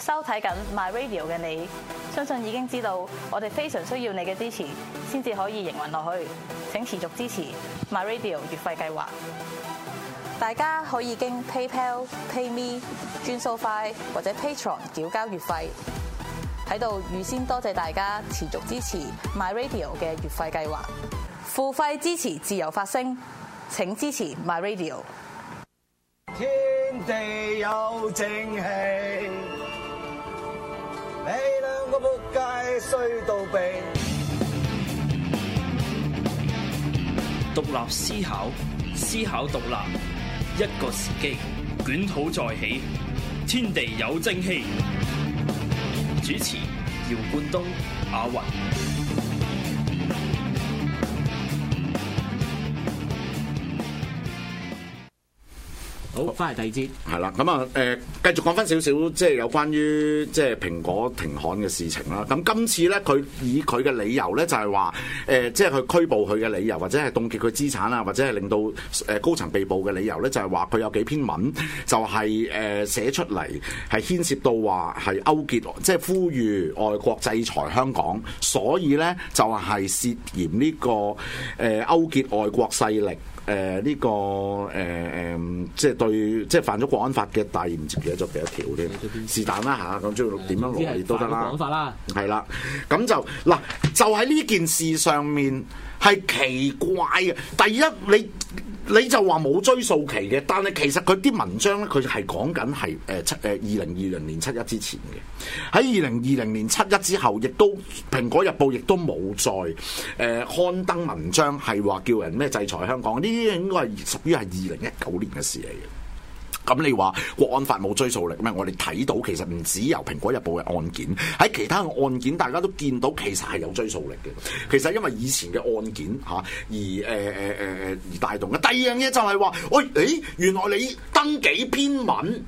收睇緊 My Radio 嘅你，相信已經知道我哋非常需要你嘅支持，先至可以營運落去。請持續支持 My Radio 月費計劃。大家可以經 PayPal、PayMe、轉數快或者 Patreon 繳交月費。喺度預先多謝大家持續支持 My Radio 嘅月費計劃。付費支持自由發聲，請支持 My Radio。天地有正氣。皆需道別。獨立思考，思考獨立。一個時機，捲土再起，天地有正氣。主持：姚冠東、阿云。好，翻嚟第二節，係啦，咁啊，誒，繼續講翻少少，即係有關於即係蘋果停刊嘅事情啦。咁今次咧，佢以佢嘅理由咧，就係話，誒，即係佢拘捕佢嘅理由，或者係凍結佢資產啊，或者係令到誒高層被捕嘅理由咧，就係話佢有幾篇文就係誒寫出嚟，係牽涉到話係勾結，即係呼籲外國制裁香港，所以咧就係涉嫌呢個誒勾結外國勢力。誒呢、呃這個誒誒、呃，即係對，即係犯咗國安法嘅大嫌嫌嘅，就俾一條添，是但啦吓，咁將點樣落嚟都得啦，講、呃、法啦，係啦。咁就嗱，就喺呢件事上面。係奇怪嘅，第一你你就話冇追訴期嘅，但係其實佢啲文章咧，佢係講緊係誒七誒二零二零年七一之前嘅。喺二零二零年七一之後，亦都《蘋果日報》亦都冇再誒刊登文章，係話叫人咩制裁香港，呢啲應該係屬於係二零一九年嘅事嚟嘅。咁你話國安法冇追溯力咩？我哋睇到其實唔止由《蘋果日報》嘅案件，喺其他案件，大家都見到其實係有追溯力嘅。其實因為以前嘅案件嚇、啊、而誒誒誒誒而帶動嘅。第二樣嘢就係話，喂，誒，原來你登幾篇文。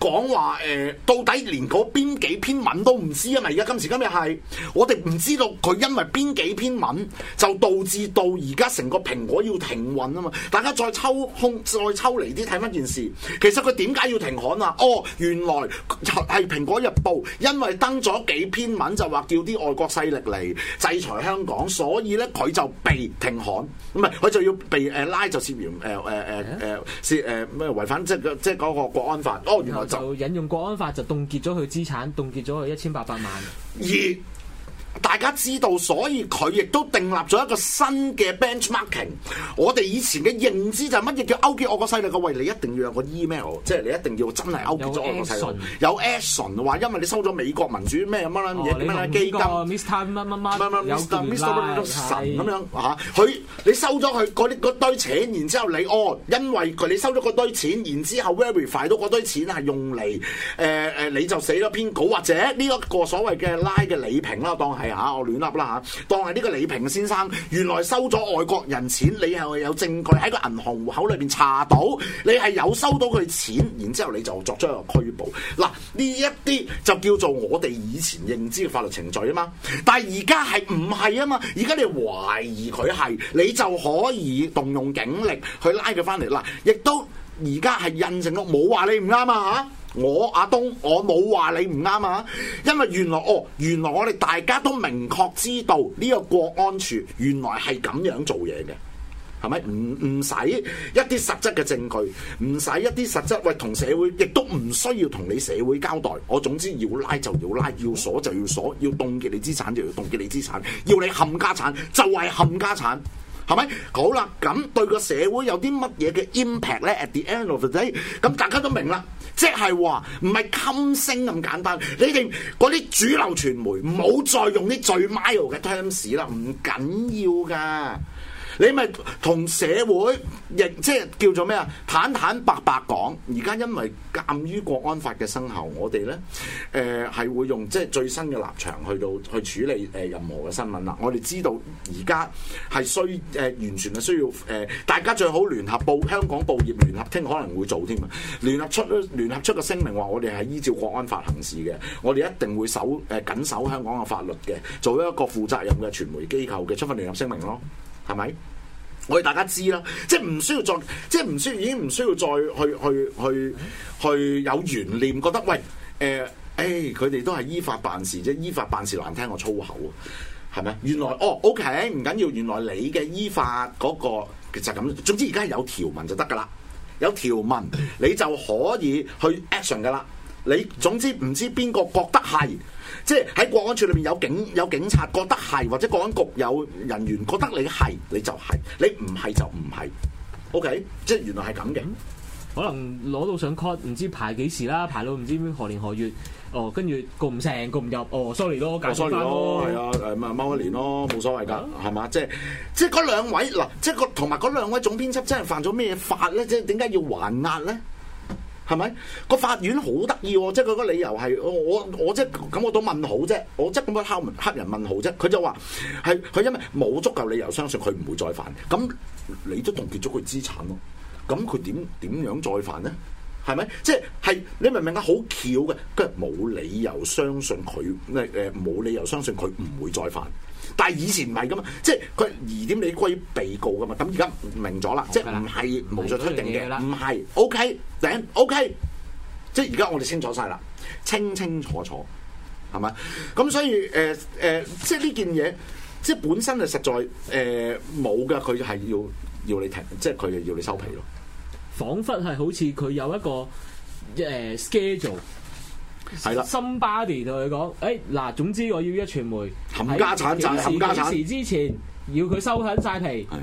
講話誒、欸，到底連嗰邊幾篇文都唔知啊嘛？而家今時今日係我哋唔知道佢因為邊幾篇文就導致到而家成個蘋果要停運啊嘛！大家再抽空再抽離啲睇翻件事，其實佢點解要停刊啊？哦，原來係《蘋果日報》因為登咗幾篇文就話叫啲外國勢力嚟制裁香港，所以呢，佢就被停刊，唔係佢就要被誒、呃、拉就、呃呃呃、涉嫌誒誒誒誒涉違反即係即係嗰個國安法。哦，原來。就引用國安法，就凍結咗佢資產，凍結咗佢一千八百萬。 大家知道，所以佢亦都定立咗一個新嘅 benchmarking。我哋以前嘅認知就係乜嘢叫勾結我個勢力？個餵你一定要有個 email，即係你一定要真係勾結咗我個勢力。有 action 話因為你收咗美國民主咩乜乜嘢乜乜基金，Mr 乜乜乜，乜神咁樣吓佢，你收咗佢啲堆錢，然之後你哦因為佢你收咗堆錢，然之後 verify 到堆錢係用嚟誒誒你就寫咗篇稿，或者呢一個所謂嘅拉嘅李平啦，當係。吓、啊，我亂笠啦嚇，當係呢個李平先生，原來收咗外國人錢，你係有證據喺個銀行戶口裏邊查到，你係有收到佢錢，然之後你就作出一個拘捕，嗱呢一啲就叫做我哋以前認知嘅法律程序啊嘛，但係而家係唔係啊嘛，而家你懷疑佢係，你就可以動用警力去拉佢翻嚟，嗱，亦都而家係印證咗冇話你唔啱啊嚇。啊。我阿東，我冇話你唔啱啊！因為原來哦，原來我哋大家都明確知道呢個國安處原來係咁樣做嘢嘅，係咪？唔唔使一啲實質嘅證據，唔使一啲實質喂同社會，亦都唔需要同你社會交代。我總之要拉就要拉，要鎖就要鎖，要凍結你資產就要凍結你資產，要你冚家產就係冚家產，係咪？好啦，咁對個社會有啲乜嘢嘅 impact 呢？At the end of the day，咁大家都明啦。即係話唔係禁聲咁簡單，你哋嗰啲主流傳媒唔好再用啲最 mild 嘅 terms 啦，唔緊要㗎。你咪同社會亦即係叫做咩啊？坦坦白白講，而家因為鑑於國安法嘅生效，我哋呢誒係、呃、會用即係最新嘅立場去到去處理誒、呃、任何嘅新聞啦。我哋知道而家係需誒、呃、完全係需要誒、呃、大家最好聯合報香港報業聯合廳可能會做添啊，聯合出聯合出個聲明話我哋係依照國安法行事嘅，我哋一定會守誒緊、呃、守香港嘅法律嘅，做一個負責任嘅傳媒機構嘅出份聯合聲明咯。係咪？我哋大家知啦，即係唔需要再，即係唔需要，已經唔需要再去去去去有懸念，覺得喂，誒、呃、誒，佢哋都係依法辦事啫，依法辦事難聽過粗口啊，係咪？原來哦，OK，唔緊要，原來你嘅依法嗰個其實就咁，總之而家係有條文就得噶啦，有條文你就可以去 action 噶啦，你總之唔知邊個覺得係。即係喺國安處裏邊有警有警察覺得係，或者國安局有人員覺得你係，你就係、是，你唔係就唔係。O、okay? K，即係原來係咁嘅。可能攞到上 court，唔知排幾時啦，排到唔知何年何月。哦，跟住告唔成，告唔入。哦，sorry 咯，sorry 咯，係、哦、啊，誒、嗯，咪踎一年咯，冇所謂㗎，係嘛、啊？即係即係嗰兩位嗱，即係個同埋嗰兩位總編輯真係犯咗咩法咧？即係點解要還押咧？係咪，個法院好得意，哦？即係佢個理由係我我我即咁我都問號啫，我即咁樣敲門黑人問號啫。佢就話係佢因為冇足夠理由相信佢唔會再犯，咁你都凍結咗佢資產咯。咁佢點點樣再犯咧？係咪即係你明唔明啊？好巧嘅，佢冇理由相信佢誒誒，冇、呃、理由相信佢唔會再犯。但係以前唔係噶嘛，Okay 即係佢疑點利歸被告噶嘛，咁而家明咗啦，即係唔係無罪推定嘅，唔係，OK，等 OK，即係而家我哋清楚晒啦，清清楚楚，係嘛？咁所以誒誒、呃呃，即係呢件嘢，即係本身就實在誒冇噶，佢、呃、係要要你停，即係佢要你收皮咯。仿佛係好似佢有一個誒、呃、schedule。係啦，somebody 同佢講，誒嗱、哎，總之我要一傳媒冚家鏟鏟，冚家鏟，時之前要佢收緊晒皮，的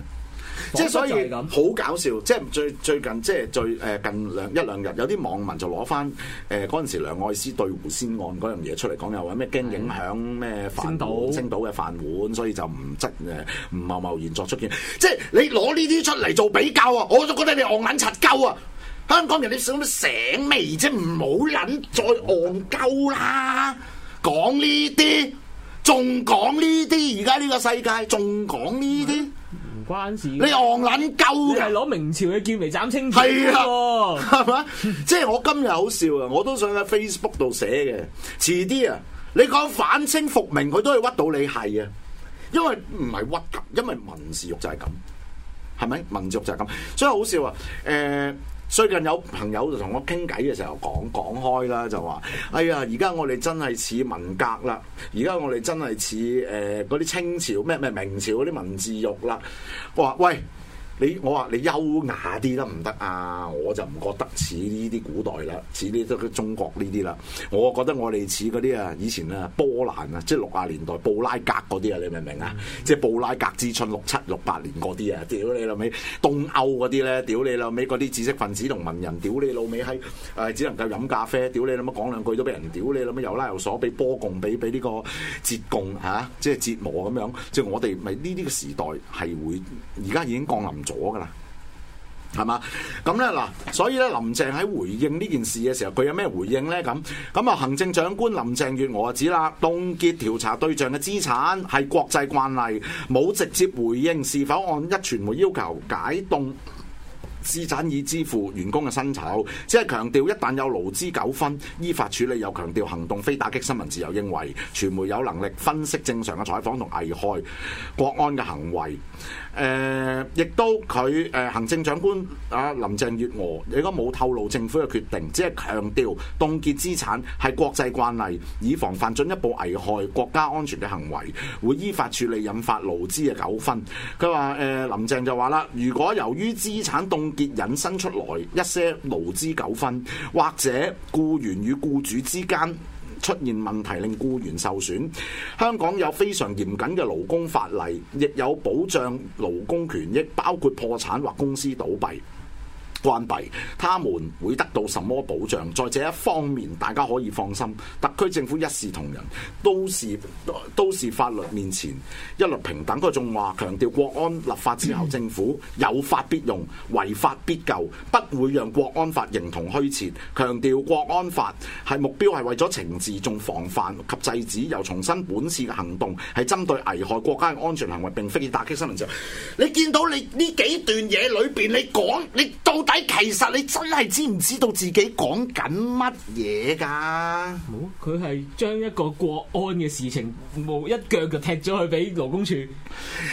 即係所以好搞笑。即係最最近，即係最誒近兩一兩日，有啲網民就攞翻誒嗰陣時梁愛詩對胡仙案嗰樣嘢出嚟講，又話咩驚影響咩飯碗，星島嘅飯碗，所以就唔執誒唔貿貿然作出見。即係你攞呢啲出嚟做比較啊，我都覺得你昂捻柒鳩啊！香港人你想醒未啫？唔好捻再戇鳩啦！講呢啲，仲講呢啲，而家呢個世界仲講呢啲，唔關事。你戇捻鳩，係攞明朝嘅劍嚟斬清朝。係啊，係咪？即係我今日好笑啊！我都想喺 Facebook 度寫嘅。遲啲啊，你講反清復明，佢都係屈到你係啊，因為唔係屈，因為文字獄就係咁，係咪？文字獄就係咁，所以好笑啊！誒。最近有朋友就同我傾偈嘅時候講，講開啦，就話：哎呀，而家我哋真係似文革啦，而家我哋真係似誒嗰啲清朝咩咩明朝嗰啲文字獄啦。我話喂。你我話你優雅啲得唔得啊？我就唔覺得似呢啲古代啦，似呢都中國呢啲啦。我覺得我哋似嗰啲啊，以前啊，波蘭啊，即係六十年代布拉格嗰啲啊，你明唔明啊？Mm hmm. 即係布拉格之春六七六八年嗰啲啊，屌你老尾！東歐嗰啲咧，屌你老尾！嗰啲知識分子同文人，屌你老尾閪！誒、呃，只能夠飲咖啡，屌你老乜講兩句都俾人屌！了你老乜又拉又鎖，俾波共，俾俾呢個節共嚇、啊，即係節磨咁樣。即係我哋咪呢啲個時代係會而家已經降臨咗噶啦，係嘛？咁咧嗱，所以咧，林鄭喺回應呢件事嘅時候，佢有咩回應呢？咁咁啊，行政長官林鄭月娥指啦，凍結調查對象嘅資產係國際慣例，冇直接回應是否按一傳媒要求解凍資產以支付員工嘅薪酬，只係強調一旦有勞資糾紛，依法處理。又強調行動非打擊新聞自由，認為傳媒有能力分析正常嘅採訪同危害國安嘅行為。誒，亦、呃、都佢誒、呃、行政長官啊，林鄭月娥，亦都冇透露政府嘅決定，只係強調凍結資產係國際慣例，以防範進一步危害國家安全嘅行為，會依法處理引發勞資嘅糾紛。佢話誒，林鄭就話啦，如果由於資產凍結引申出來一些勞資糾紛，或者僱員與僱主之間，出現問題令僱員受損，香港有非常嚴謹嘅勞工法例，亦有保障勞工權益，包括破產或公司倒閉。關閉他們會得到什麼保障？在這一方面，大家可以放心。特區政府一視同仁，都是都是法律面前一律平等。佢仲話強調國安立法之後，政府有法必用，違法必究，不會讓國安法形同虛設。強調國安法係目標係為咗懲治、重防範及制止，又重申本次嘅行動，係針對危害國家嘅安全行為，並非以打擊新聞之。你見到你呢幾段嘢裏邊，你講你到哎，其實你真係知唔知道自己講緊乜嘢㗎？冇、哦，佢係將一個國安嘅事情，冇一腳就踢咗去俾勞工處。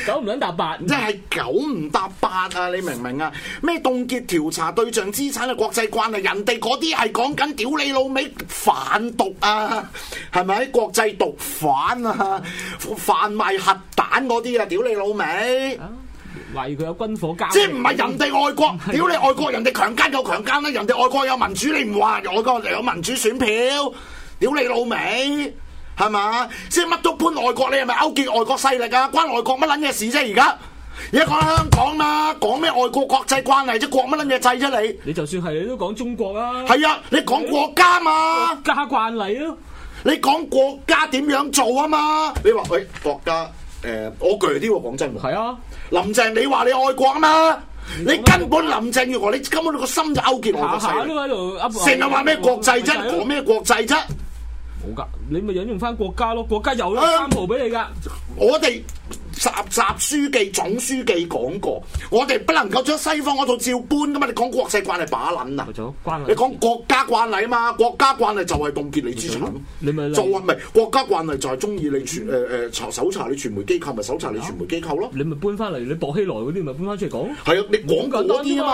九唔準搭八，即係 九唔搭八啊！你明唔明啊？咩凍結調查對象資產嘅國際關係，人哋嗰啲係講緊屌你老味販毒啊，係咪？國際毒販啊，販賣核彈嗰啲啊，屌你老味啊。話佢有軍火交易，即係唔係人哋外國？ 屌你外國人強姦強姦，人哋強奸就強奸啦，人哋外國有民主，你唔話外國有民主選票？屌你老味，係嘛？即係乜都搬外國，你係咪勾結外國勢力啊？關外國乜撚嘢事啫、啊？而家而家講香港啦，講咩外國國際慣例啫？國乜撚嘢制出嚟？你,你就算係你都講中國啦、啊，係啊，你講國家嘛？家慣例啊。你講國家點樣做啊嘛？你話喂、欸、國家誒、呃，我巨啲喎，講真係啊。林鄭，你話你愛國吖嘛？嗯、你根本林鄭月娥，你根本個心就勾結外國勢力。成日話咩國際啫？講咩國際啫？冇噶，你咪引用翻國家咯，國家有啦！啊、三條俾你噶，我哋。習習書記總書記講過，我哋不能夠將西方嗰套照搬噶嘛。你講國際慣例把捻啊？關你講國家慣例啊嘛？國家慣例就係凍結你資產，你咪做唔，咪國家慣例就係中意你傳誒誒查搜查你傳媒機構，咪搜查你傳媒機構咯。你咪搬翻嚟，你薄熙來嗰啲咪搬翻出嚟講？係啊，你講多啲啊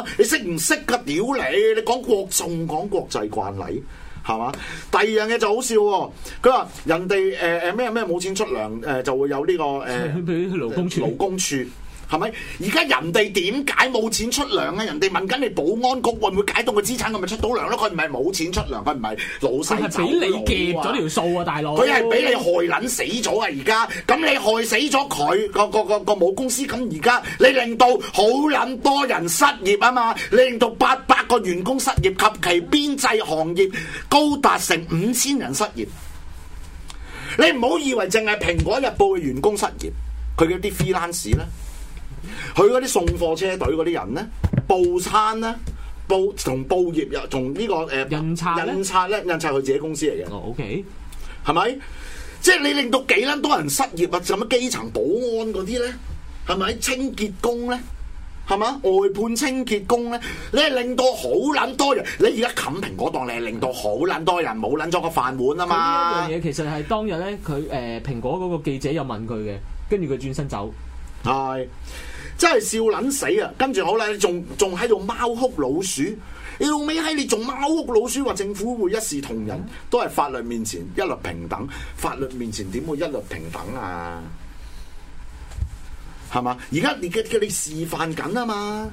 嘛？你識唔識噶、啊？屌你！你講國仲講國際慣例。係嘛？第二樣嘢就好笑喎，哦，佢話人哋誒誒咩咩冇錢出糧誒、呃，就會有呢個誒，俾、呃、 勞工處，勞工處。係咪？而家人哋點解冇錢出糧咧、啊？人哋問緊你保安局會唔會解凍個資產，我咪出到糧咯、啊？佢唔係冇錢出糧，佢唔係老細走咗啊！俾你夾咗條數啊，大佬！佢係俾你害撚死咗啊！而家咁你害死咗佢個個個個母公司，咁而家你令到好撚多人失業啊嘛！你令到八百個員工失業，及其邊際行業高達成五千人失業。你唔好以為淨係《蘋果日報》嘅員工失業，佢嘅啲 freelancer 佢嗰啲送貨車隊嗰啲人咧，報餐咧，報同報業又同、這個呃、呢個誒印印刷咧，印刷佢自己公司嚟嘅。哦、oh,，OK，係咪？即係你令到幾捻多人失業啊？什麼基層保安嗰啲咧？係咪清潔工咧？係嘛外判清潔工咧？你係令到好捻多人，你而家冚蘋果檔嚟，你係令到好捻多人冇捻咗個飯碗啊嘛！呢樣嘢其實係當日咧，佢誒蘋果嗰個記者又問佢嘅，跟住佢轉身走係。嗯真係笑捻死啊！跟住好啦，你仲仲喺度貓哭老鼠，你老尾喺你仲貓哭老鼠，話政府會一視同仁，都係法律面前一律平等。法律面前點會一律平等啊？係嘛？而家你嘅嘅你示範緊啊嘛，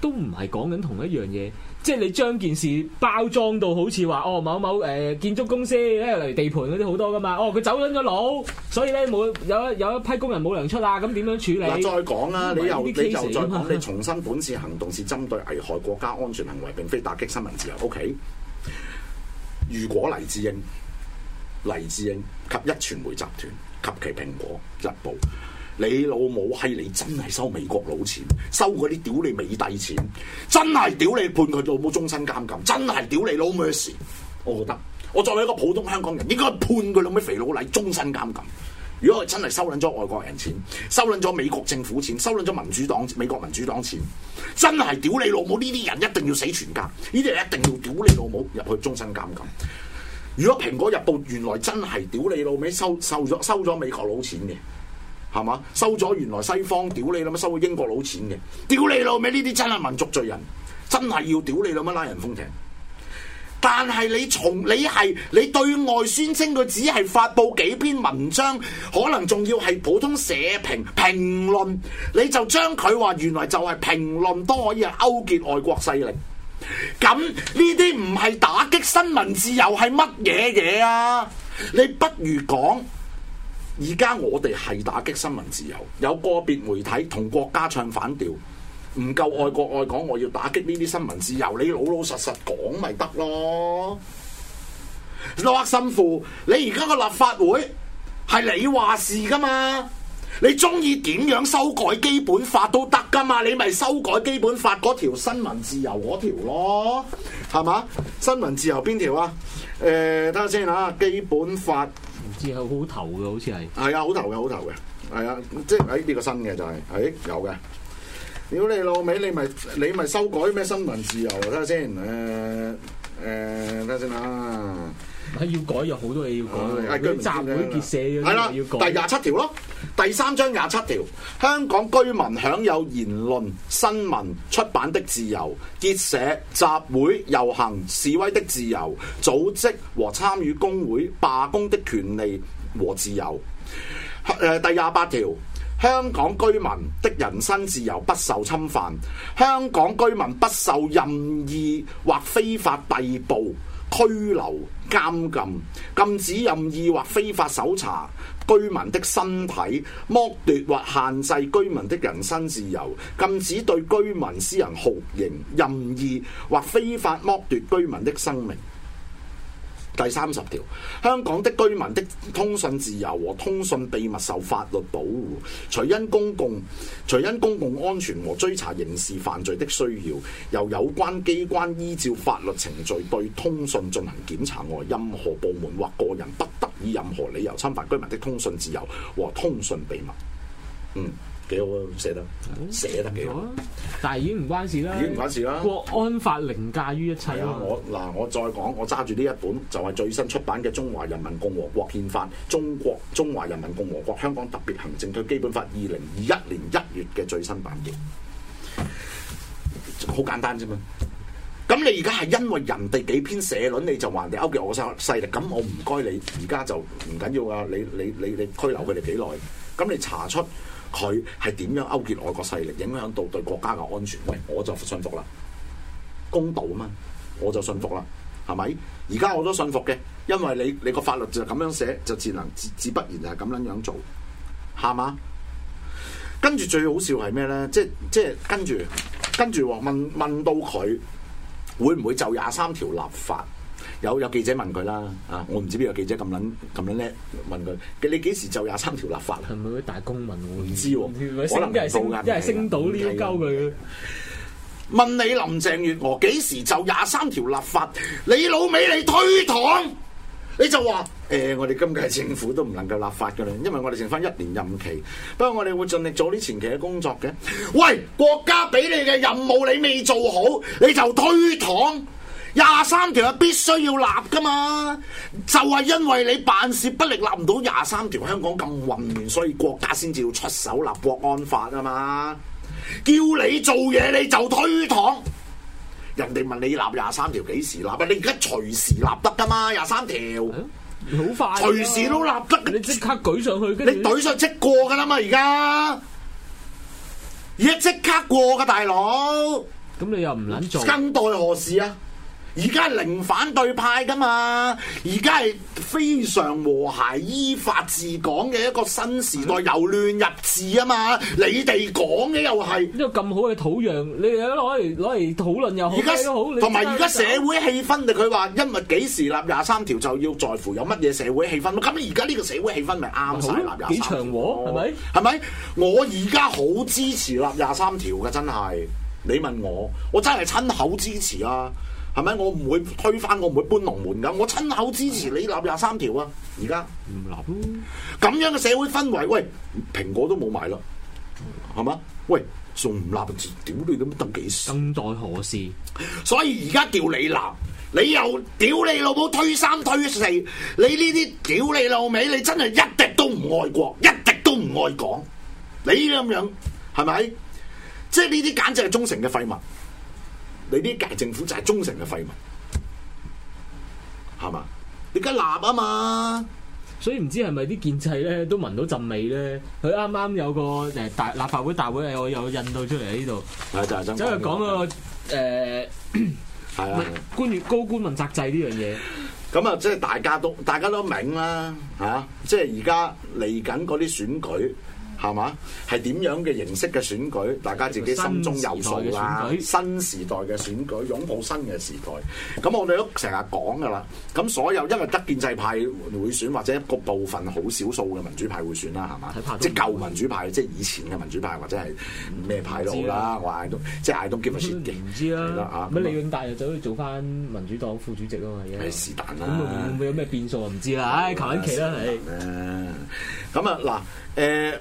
都唔係講緊同一樣嘢。即係你將件事包裝到好似話哦某某誒、呃、建築公司咧例如地盤嗰啲好多噶嘛哦佢走咗佬，所以咧冇有一有，有，有一批工人冇糧出啊咁點樣，樣處理？嗱再講啦、啊，你又你又再講，嗯、你重申，本次行動是針對危害國家安全行為，並非打擊新聞自由。O、okay? K，如果黎智英、黎智英及壹傳媒集團及其蘋果日報。你老母係你真係收美國佬錢，收嗰啲屌你美帝錢，真係屌你判佢老母終身監禁，真係屌你老母事。我覺得我作為一個普通香港人，應該判佢老尾肥佬黎終身監禁。如果佢真係收捻咗外國人錢，收捻咗美國政府錢，收捻咗民主黨美國民主黨錢，真係屌你老母，呢啲人一定要死全家，呢啲人一定要屌你老母入去終身監禁。如果蘋果日報原來真係屌你老尾收收咗收咗美國佬錢嘅。係嘛？收咗原來西方屌你老母，收咗英國佬錢嘅，屌你老味！呢啲真係民族罪人，真係要屌你老母拉人封艇。但係你從你係你對外宣稱佢只係發布幾篇文章，可能仲要係普通社評評論，你就將佢話原來就係評論都可以係勾結外國勢力。咁呢啲唔係打擊新聞自由係乜嘢嘢啊？你不如講。而家我哋係打擊新聞自由，有個別媒體同國家唱反調，唔夠愛國愛港，我要打擊呢啲新聞自由。你老老實實講咪得咯，落心父，你而家個立法會係你話事噶嘛？你中意點樣修改基本法都得噶嘛？你咪修改基本法嗰條新聞自由嗰條咯，係嘛？新聞自由邊條啊？誒、呃，睇下先啊，基本法。似係好頭嘅，好似係係啊，好頭嘅，好頭嘅，係啊，即係誒呢個新嘅就係、是、誒、欸、有嘅，屌你老味，你咪你咪修改咩新聞自由啊？睇下先，誒誒睇下先嚇，要改有好多嘢要改嘅，佢集會結社，係啦，第二十七條咯。第三章廿七條，香港居民享有言論、新聞、出版的自由，結社、集會、遊行、示威的自由，組織和參與工會、罷工的權利和自由。第廿八條，香港居民的人身自由不受侵犯，香港居民不受任意或非法逮捕。拘留、監禁、禁止任意或非法搜查居民的身體，剝奪或限制居民的人身自由，禁止對居民私人酷刑，任意或非法剝奪居民的生命。第三十條，香港的居民的通訊自由和通訊秘密受法律保護，除因公共除因公共安全和追查刑事犯罪的需要，由有關機關依照法律程序對通訊進行檢查外，任何部門或個人不得以任何理由侵犯居民的通訊自由和通訊秘密。嗯。幾好喎，寫得，寫得，哦、寫得幾好。但係已經唔關事啦，已經唔關事啦。國安法凌駕於一切。我嗱，我再講，我揸住呢一本就係、是、最新出版嘅《中華人民共和國憲法》、《中國中華人民共和國香港特別行政區基本法》二零二一年一月嘅最新版嘅，好簡單啫嘛。咁你而家係因為人哋幾篇社論，你就話你勾結俄西勢力，咁我唔該你，而家就唔緊要噶，你你你你，你，你拘留佢哋幾耐？咁你查出。佢係點樣勾結外國勢力，影響到對國家嘅安全？喂，我就信服啦，公道啊嘛，我就信服啦，係咪？而家我都信服嘅，因為你你個法律就係咁樣寫，就只能自自不然就係咁樣樣做，係嘛？跟住最好笑係咩咧？即係即係跟住跟住話問問到佢會唔會就廿三條立法？有有記者問佢啦，啊，我唔知邊個記者咁撚咁撚叻問佢，你幾時就廿三條立法？係咪嗰啲大公民、啊？我唔知喎，可能係升，即係升、啊、升到呢鳩佢。問你林鄭月娥幾時就廿三條立法？你老味，你推搪，你就話誒、欸，我哋今屆政府都唔能夠立法㗎喇，因為我哋剩返一年任期，不過我哋會盡力做啲前期嘅工作嘅。喂，國家俾你嘅任務你未做好，你就推搪。廿三條係必須要立噶嘛，就係、是、因為你辦事不力，立唔到廿三條，香港咁混亂，所以國家先至要出手立國安法啊嘛。叫你做嘢你就推搪，人哋問你立廿三條幾時立咪？你而家隨時立得噶嘛，廿三條，好、啊、快、啊，隨時都立得，你即刻舉上去，你懟上即過噶啦嘛，而家，而家即刻過噶大佬，咁你又唔捻做？更待何時啊？而家係零反對派噶嘛，而家係非常和諧、依法治港嘅一個新時代，由、嗯、亂入治啊嘛！你哋講嘅又係呢個咁好嘅土壤，你哋攞嚟攞嚟討論又好，同埋而家社會氣氛嚟。佢話：因為幾時立廿三條就要在乎有乜嘢社會氣氛咯？咁而家呢個社會氣氛咪啱曬立廿三條？幾祥和？係咪、啊？係咪吧？我而家好支持立廿三條嘅，真係你問我，我真係親口支持啊。係咪？我唔會推翻，我唔會搬龍門噶。我親口支持你立廿三條啊！而家唔立，咁樣嘅社會氛圍，喂，蘋果都冇埋啦，係嘛？喂，仲唔立？屌你咁得幾時？更待何時？所以而家叫你立，你又屌你老母推三推四，你呢啲屌你老味，你真係一滴都唔愛國，一滴都唔愛港，你咁樣係咪？即係呢啲簡直係忠誠嘅廢物。你呢屆政府就係忠誠嘅廢物，係嘛？你而家立啊嘛，所以唔知係咪啲建制咧都聞到陣味咧。佢啱啱有個誒大立法會大會，我有印到出嚟喺呢度。係就係、是、真、這個。走去講個誒，係、呃、啊，關於、啊、高官問責制呢樣嘢。咁啊、嗯，即係大家都大家都明啦，嚇、啊！即係而家嚟緊嗰啲選舉。係嘛？係點樣嘅形式嘅選舉？大家自己心中有數啦。新時代嘅選舉，擁抱新嘅時代。咁我哋都成日講噶啦。咁所有因為得建制派會選，或者一個部分好少數嘅民主派會選啦。係嘛？即係舊民主派，即係以前嘅民主派，或者係咩派都好啦。或都即係都幾唔知啦。啊！咁李永達又走去做翻民主黨副主席啊嘛。係是但啦。咁會唔會有咩變數啊？唔知啦。唉，求其啦。係。咁啊嗱。誒，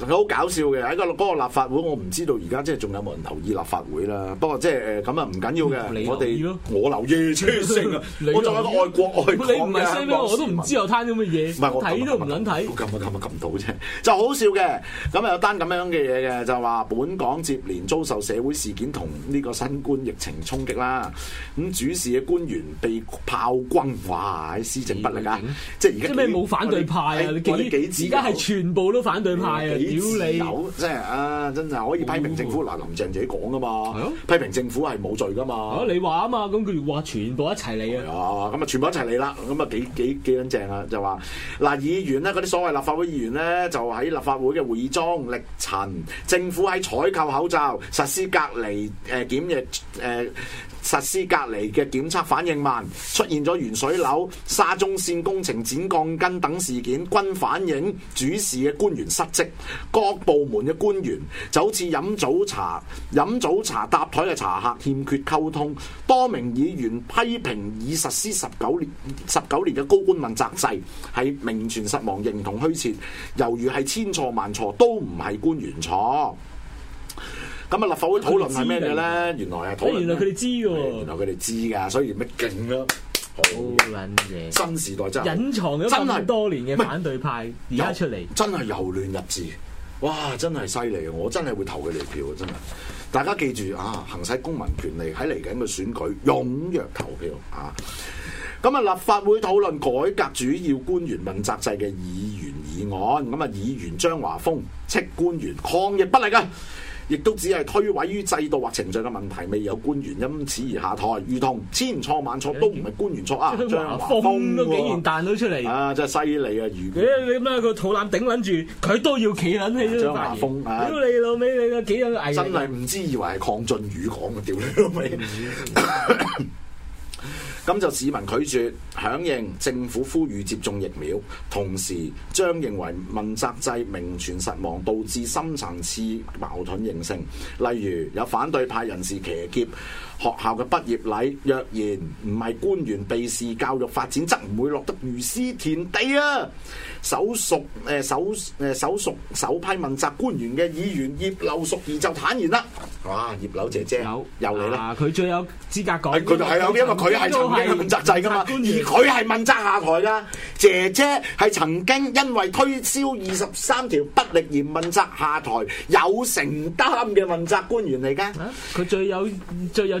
好搞笑嘅喺個個立法會，我唔知道而家即係仲有冇人留意立法會啦。不過即係誒咁，啊，唔緊要嘅。我哋我留意最新啊。我作為一個愛國愛港你唔係咩我都唔知有攤啲乜嘢。唔係我睇都唔撚睇。撳啊撳啊撳唔到啫，就好笑嘅。咁啊有單咁樣嘅嘢嘅，就話本港接連遭受社會事件同呢個新冠疫情沖擊啦。咁主事嘅官員被炮轟，話啲施政不力啊。即係而家即咩冇反對派啊？你幾而家係全部。都反對派啊！屌你，即係啊，真係可以批評政府。嗱、哦，林鄭自己講噶嘛，啊、批評政府係冇罪噶嘛。啊，你話啊嘛，咁佢話全部一齊嚟啊！咁啊，全部一齊嚟啦！咁啊，幾幾幾撚正啊！就話嗱、啊，議員咧，嗰啲所謂立法會議員咧，就喺立法會嘅會議中力陳政府喺採購口罩、實施隔離、誒、呃、檢疫、誒、呃。實施隔離嘅檢測反應慢，出現咗鉛水樓、沙中線工程剪鋼筋等事件，均反映主事嘅官員失職。各部門嘅官員就好似飲早茶，飲早茶搭台嘅茶客欠缺溝通。多名議員批評已實施十九年十九年嘅高官問責制係名存實亡、形同虛設，猶如係千錯萬錯都唔係官員錯。咁啊！立法會討論係咩嘅咧？原來啊，討論原來佢哋知嘅，原來佢哋知噶，所以乜勁咯！好撚嘢！新時代真係隱藏咗咁多年嘅反對派而家出嚟，真係由亂入治，哇！真係犀利啊！我真係會投佢哋票嘅，真係！大家記住啊，行使公民權利喺嚟緊嘅選舉，踴躍投票啊！咁啊，立法會討論改革主要官員問責制嘅議員議案，咁啊，議員張華峰斥官員抗疫不力嘅。亦都只係推諉於制度或程序嘅問題，未有官員因此而下台，如同千錯萬錯都唔係官員錯啊！張華峰都竟然彈到出嚟啊！真係犀利啊！如你你咩啦，個肚腩頂撚住，佢都要企撚起、啊、張華峰屌你老味，你個幾樣危力真係唔知以為係鄺俊宇講嘅，屌你老味。 咁就市民拒絕響應政府呼籲接種疫苗，同時將認為問責制名存實亡，導致深層次矛盾形成。例如有反對派人士騎劫。學校嘅畢業禮，若然唔係官員被視教育發展，則唔會落得如斯田地啊！首屬誒首誒首屬首批問責官員嘅議員葉劉淑儀就坦言啦：，哇，葉劉姐姐，有又嚟啦！佢最有資格講，佢係因為佢係曾經問責制噶嘛，而佢係問責下台㗎。姐姐係曾經因為推銷二十三條不力而問責下台，有承擔嘅問責官員嚟噶。佢最有最有。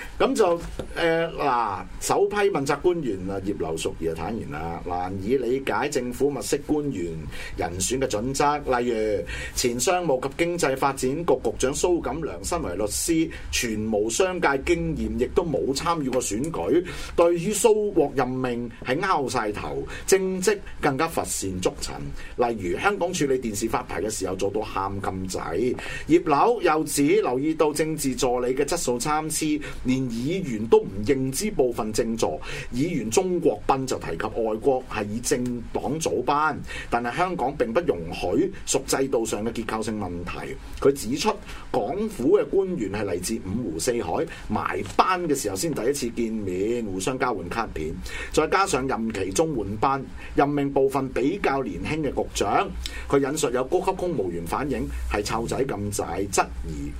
咁就誒嗱、呃，首批問責官員啊，葉劉淑儀啊坦言啊難以理解政府物色官員人選嘅準則，例如前商務及經濟發展局局，局長蘇錦樑，身為律師，全無商界經驗亦都冇參與過選舉，對於蘇獲任命係拗晒頭，政績更加乏善足陳，例如香港處理電視發牌嘅時候做到喊咁仔。葉劉又指留意到政治助理嘅質素參差，連議員都唔認知部分政座，議員鍾國斌就提及外國係以政黨組班，但係香港並不容許屬制度上嘅結構性問題。佢指出，港府嘅官員係嚟自五湖四海，埋班嘅時候先第一次見面，互相交換卡片，再加上任期中換班，任命部分比較年輕嘅局長。佢引述有高級公務員反映係湊仔咁滯質疑。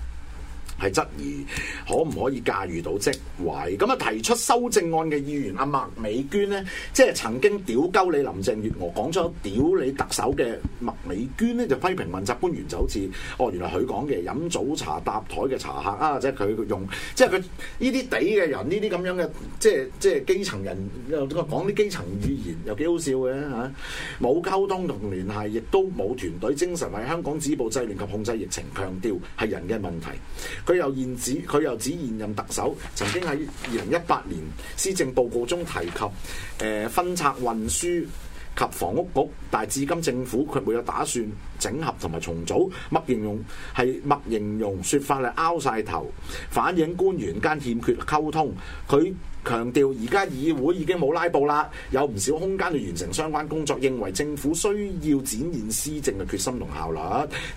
係質疑可唔可以駕馭到職位咁啊？提出修正案嘅議員阿、啊、麥美娟呢，即係曾經屌鳩你林鄭月娥，講咗屌你特首嘅麥美娟呢，就批評問責官員好似哦，原來佢講嘅飲早茶搭台嘅茶客啊，即係佢用即係佢呢啲地嘅人，呢啲咁樣嘅即係即係基層人，講啲基層語言又幾好笑嘅嚇。冇、啊、溝通同聯繫，亦都冇團隊精神。喺《香港止暴》制亂及控制疫情，強調係人嘅問題。佢又現指，佢又指現任特首曾經喺二零一八年施政報告中提及，誒、呃、分拆運輸及房屋局，但係至今政府佢冇有打算整合同埋重組，乜形容係默形容説法係拗晒頭，反映官員間欠缺溝通，佢。強調而家議會已經冇拉布啦，有唔少空間去完成相關工作。認為政府需要展現施政嘅決心同效率，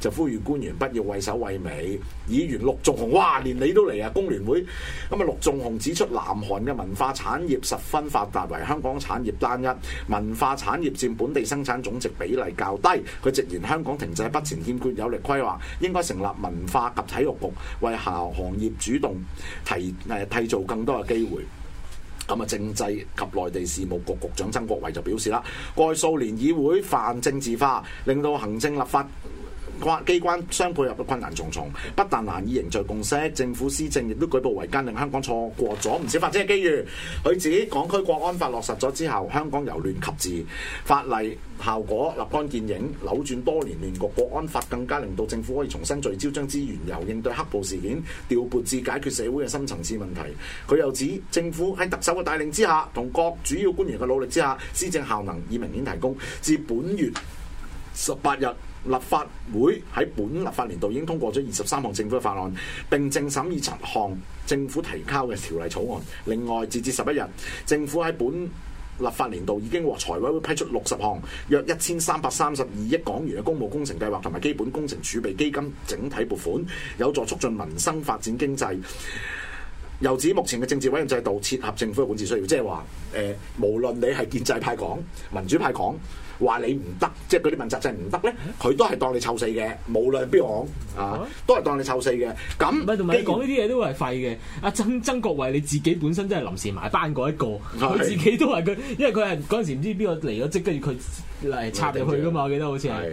就呼籲官員不要畏首畏尾。議員陸頌雄，哇，連你都嚟啊！工聯會咁啊，陸頌雄指出，南韓嘅文化產業十分發達，為香港產業單一，文化產業佔本地生產總值比例較低。佢直言香港停滯不前，欠缺有力規劃，應該成立文化及體育局，為校行業主動提誒造更多嘅機會。咁啊，政制及內地事務局局長曾國衛就表示啦，過去數年議會泛政治化，令到行政立法關機關相配合嘅困難重重，不但難以凝聚共識，政府施政亦都舉步維艱，令香港錯過咗唔少發展嘅機遇。佢指港區國安法落實咗之後，香港由亂及治，法例效果立竿見影，扭轉多年亂局。國安法更加令到政府可以重新聚焦將資源由應對黑暴事件調撥至解決社會嘅深層次問題。佢又指政府喺特首嘅帶領之下，同各主要官員嘅努力之下，施政效能已明顯提供。至本月十八日，立法會喺本立法年度已經通過咗二十三項政府嘅法案，並正審議七項政府提交嘅條例草案。另外，截至十一日，政府喺本立法年度已經獲財委會批出六十項約一千三百三十二億港元嘅公務工程計劃同埋基本工程儲備基金整體撥款，有助促進民生發展經濟。又指目前嘅政治委任制度切合政府嘅管治需要，即係話誒，無論你係建制派講、民主派講，話你唔得，即係嗰啲問責制唔得咧，佢、啊、都係當你臭死嘅，無論邊行啊，都係當你臭死嘅。咁你講呢啲嘢都係廢嘅。阿於、啊、曾曾國衛你自己本身真係臨時埋班嗰一個，佢的自己都話佢，因為佢係嗰陣時唔知邊個嚟咗，即跟住佢嚟插入去噶嘛，我記得好似係。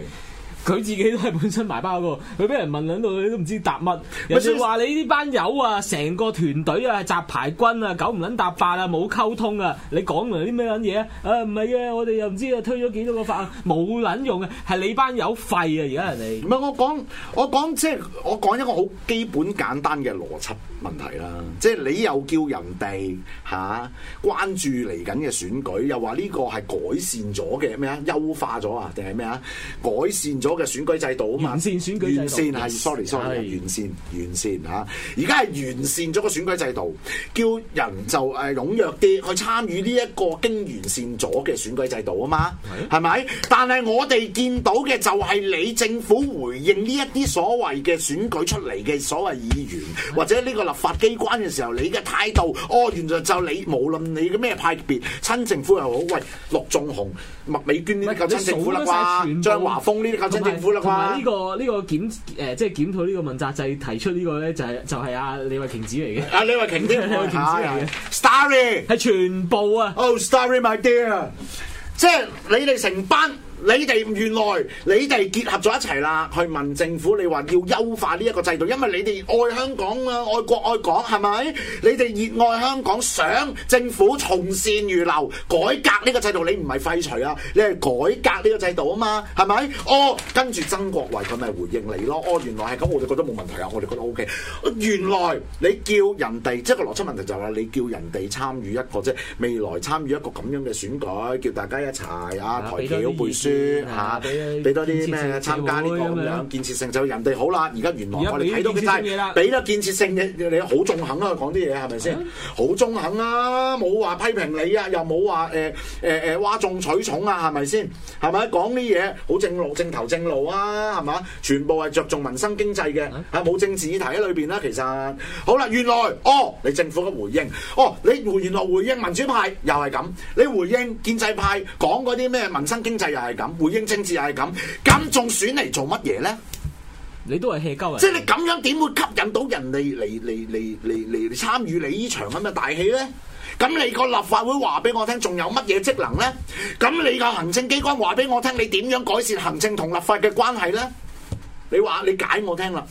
佢自己都係本身埋包嘅，佢俾人問卵到，佢都唔知答乜。咪先話你呢班友啊，成個團隊啊，雜牌軍啊，九唔卵搭八啊，冇溝通啊！你講嚟啲咩卵嘢啊？啊，唔係啊，我哋又唔知啊，推咗幾多個法啊，冇卵用啊。係你班友廢啊！而家人哋，唔係我講，我講即係我講、就是、一個好基本簡單嘅邏輯問題啦。即、就、係、是、你又叫人哋吓、啊、關注嚟緊嘅選舉，又話呢個係改善咗嘅咩啊？優化咗啊？定係咩啊？改善咗？嘅選舉制度啊嘛，完善選舉制度，完善係的 sorry sorry，完善完善吓，而家係完善咗個選舉制度，叫人就誒踴躍啲去參與呢一個經完善咗嘅選舉制度啊嘛，係咪的？但係我哋見到嘅就係你政府回應呢一啲所謂嘅選舉出嚟嘅所謂議員，的或者呢個立法機關嘅時候，你嘅態度，哦，原來就你無論你嘅咩派別親政府又好，喂，陸仲雄、麥美娟呢啲夠親政府啦啩，張華峯呢啲政府啦，同埋呢個呢個檢，誒即係檢討呢個問責制，提出呢個咧就係就係阿李慧瓊子嚟嘅， 阿李慧瓊子，李慧瓊子嚟嘅，Starry 係全部啊，Oh Starry my dear，即係你哋成班。你哋原來你哋結合咗一齊啦，去問政府，你話要優化呢一個制度，因為你哋愛香港啊，愛國愛港係咪？你哋熱愛香港，想政府從善如流，改革呢個制度，你唔係廢除啊，你係改革呢個制度啊嘛，係咪？哦，跟住曾國衞佢咪回應你咯。哦，原來係咁，我哋覺得冇問題啊，我哋覺得 O K。原來你叫人哋，即係個邏輯問題就係你叫人哋參與一個，即係未來參與一個咁樣嘅選舉，叫大家一齊啊，抬轎背書。吓，俾、 啊、多啲咩參加呢個咁樣 建設性就人哋好啦。而家原來我哋睇到佢，但係俾咗建設性嘅，你好中、啊啊、肯啊！講啲嘢係咪先？好中肯啊！冇話批評你啊，又冇話誒誒誒嘩眾取寵啊，係咪先？係咪講啲嘢好正路，正頭正路啊？係咪？全部係着重民生經濟嘅，係冇、啊、政治議題喺裏邊啦。其實好啦，原來哦，你政府嘅回應哦，你回原來回應民主派又係咁，你回應建制派講嗰啲咩民生經濟又係咁回應政治係咁，咁仲選嚟做乜嘢咧？你都係氣鳩啊！即係你咁樣點會吸引到人嚟嚟嚟嚟嚟參與你這場這呢場咁嘅大戲咧？咁你個立法會話俾我聽，仲有乜嘢職能咧？咁你個行政機關話俾我聽，你點樣改善行政同立法嘅關係咧？你話你解我聽啦！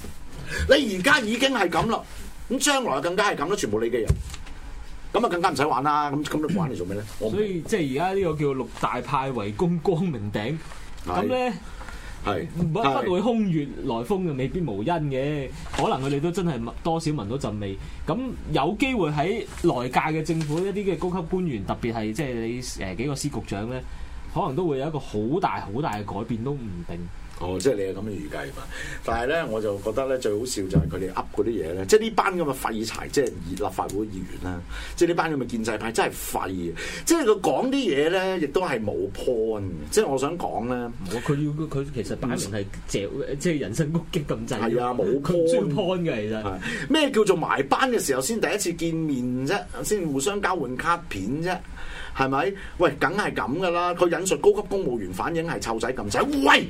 你而家已經係咁啦，咁將來更加係咁啦，全部你嘅人。咁啊，更加唔使玩啦！咁咁都玩嚟做咩咧？所以即係而家呢個叫六大派圍攻光明頂，咁咧係唔係？是 唔會空穴是 來風嘅，未必無因嘅，可能佢哋都真係多少聞到陣味。咁有機會喺內界嘅政府一啲嘅高級官員，特別係即係你誒幾個司局長咧，可能都會有一個好大好大嘅改變，都唔定。哦，即係你係咁嘅預計嘛？但係咧，嗯、我就覺得咧最好笑就係佢哋噏嗰啲嘢咧，即係呢班咁嘅廢柴，即係立法會議員啦，即係呢班咁嘅建制派真係廢嘅，即係佢講啲嘢咧，亦都係冇 point。即係我想講咧，佢要佢其實擺明係借、嗯、即係人身攻擊咁滯，係啊冇 point 嘅，其實咩、啊、叫做埋班嘅時候先第一次見面啫，先互相交換卡片啫，係咪？喂，梗係咁噶啦。佢引述高級公務員反映係臭仔咁滯，喂！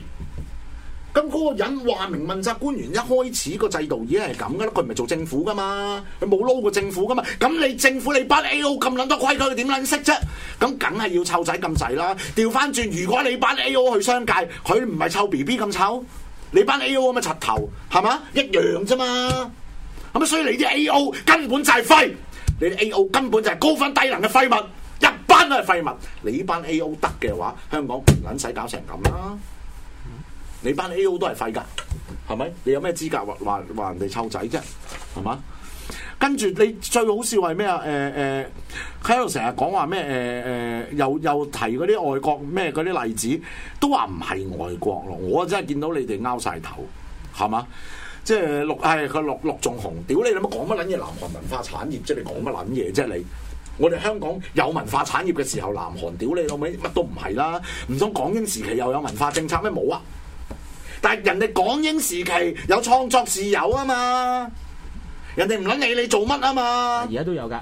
咁嗰個人話明問責官員一開始個制度已經係咁噶啦，佢唔係做政府噶嘛，佢冇撈過政府噶嘛，咁你政府你班 A O 咁撚多規矩，點撚識啫？咁梗係要湊仔咁滯啦。調翻轉，如果你班 A O 去商界，佢唔係湊 B B 咁湊，你班 A O 咁樣柒頭，係嘛一樣啫嘛。咪，所以你啲 A O 根本就係廢，你啲 A O 根本就係高分低能嘅廢物，一班都係廢物。你班 A O 得嘅話，香港唔撚使搞成咁啦。你班 A.O. 都係廢噶，係咪？你有咩資格話話話人哋湊仔啫？係嘛？跟住你最好笑係咩啊？誒誒喺度成日講話咩誒誒，又又提嗰啲外國咩嗰啲例子，都話唔係外國咯。我真係見到你哋拗晒頭，係嘛？即係、陸係個、哎、陸、陸、陸仲雄，屌你老母講乜撚嘢？南韓文化產業啫，你講乜撚嘢啫？你我哋香港有文化產業嘅時候，南韓屌你老母乜都唔係啦。唔通港英時期又有文化政策咩？冇啊！但係人哋港英時期有創作自由啊嘛，人哋唔諗你你做乜啊嘛。而家都有噶，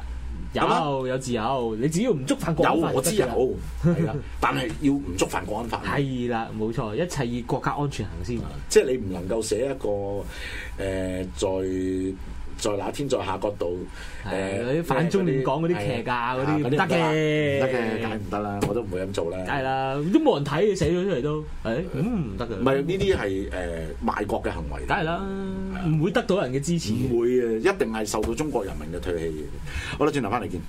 有麼有自由，你只要唔觸犯國安法，有我知有，係啦，但係要唔觸犯國安法，係啦，冇錯， 一切以國家安全行先。即係你唔能夠寫一個誒在。呃在那天在下角度，誒嗰啲反中亂港嗰啲騎架嗰啲唔得嘅，唔得嘅梗係唔得啦，我都唔會咁做啦。梗係啦，都冇人睇，寫咗出嚟都，咁唔得噶。唔係呢啲係誒賣國嘅行為，梗係啦，唔會得到人嘅支持。唔會啊，一定係受到中國人民嘅唾棄。好啦，轉頭翻嚟見。